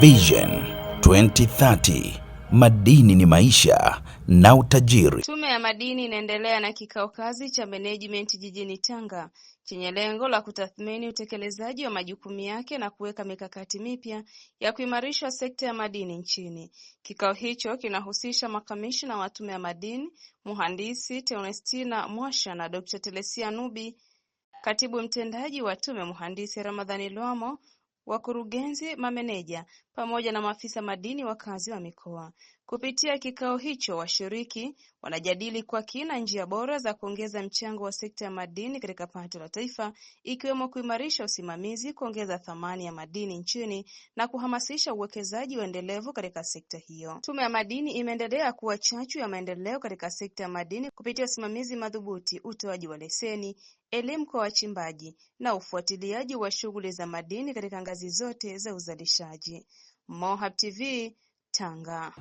Vision 2030 madini ni maisha na utajiri. Tume ya Madini inaendelea na kikao kazi cha management jijini Tanga chenye lengo la kutathmini utekelezaji wa majukumu yake na kuweka mikakati mipya ya kuimarisha sekta ya madini nchini. Kikao hicho kinahusisha makamishna wa Tume ya Madini, Mhandisi Theonestina Mwasha na Dr. Telesia Nubi, katibu mtendaji wa tume Mhandisi Ramadhani Lwamo, wakurugenzi, mameneja pamoja na maafisa madini wakazi wa mikoa. Kupitia kikao hicho, washiriki wanajadili kwa kina njia bora za kuongeza mchango wa sekta ya madini katika pato la taifa, ikiwemo kuimarisha usimamizi, kuongeza thamani ya madini nchini na kuhamasisha uwekezaji wa endelevu katika sekta hiyo. Tume ya Madini imeendelea kuwa chachu ya maendeleo katika sekta ya madini kupitia usimamizi madhubuti, utoaji wa leseni, elimu kwa wachimbaji na ufuatiliaji wa shughuli za madini katika ngazi zote za uzalishaji Mohab Tv Tanga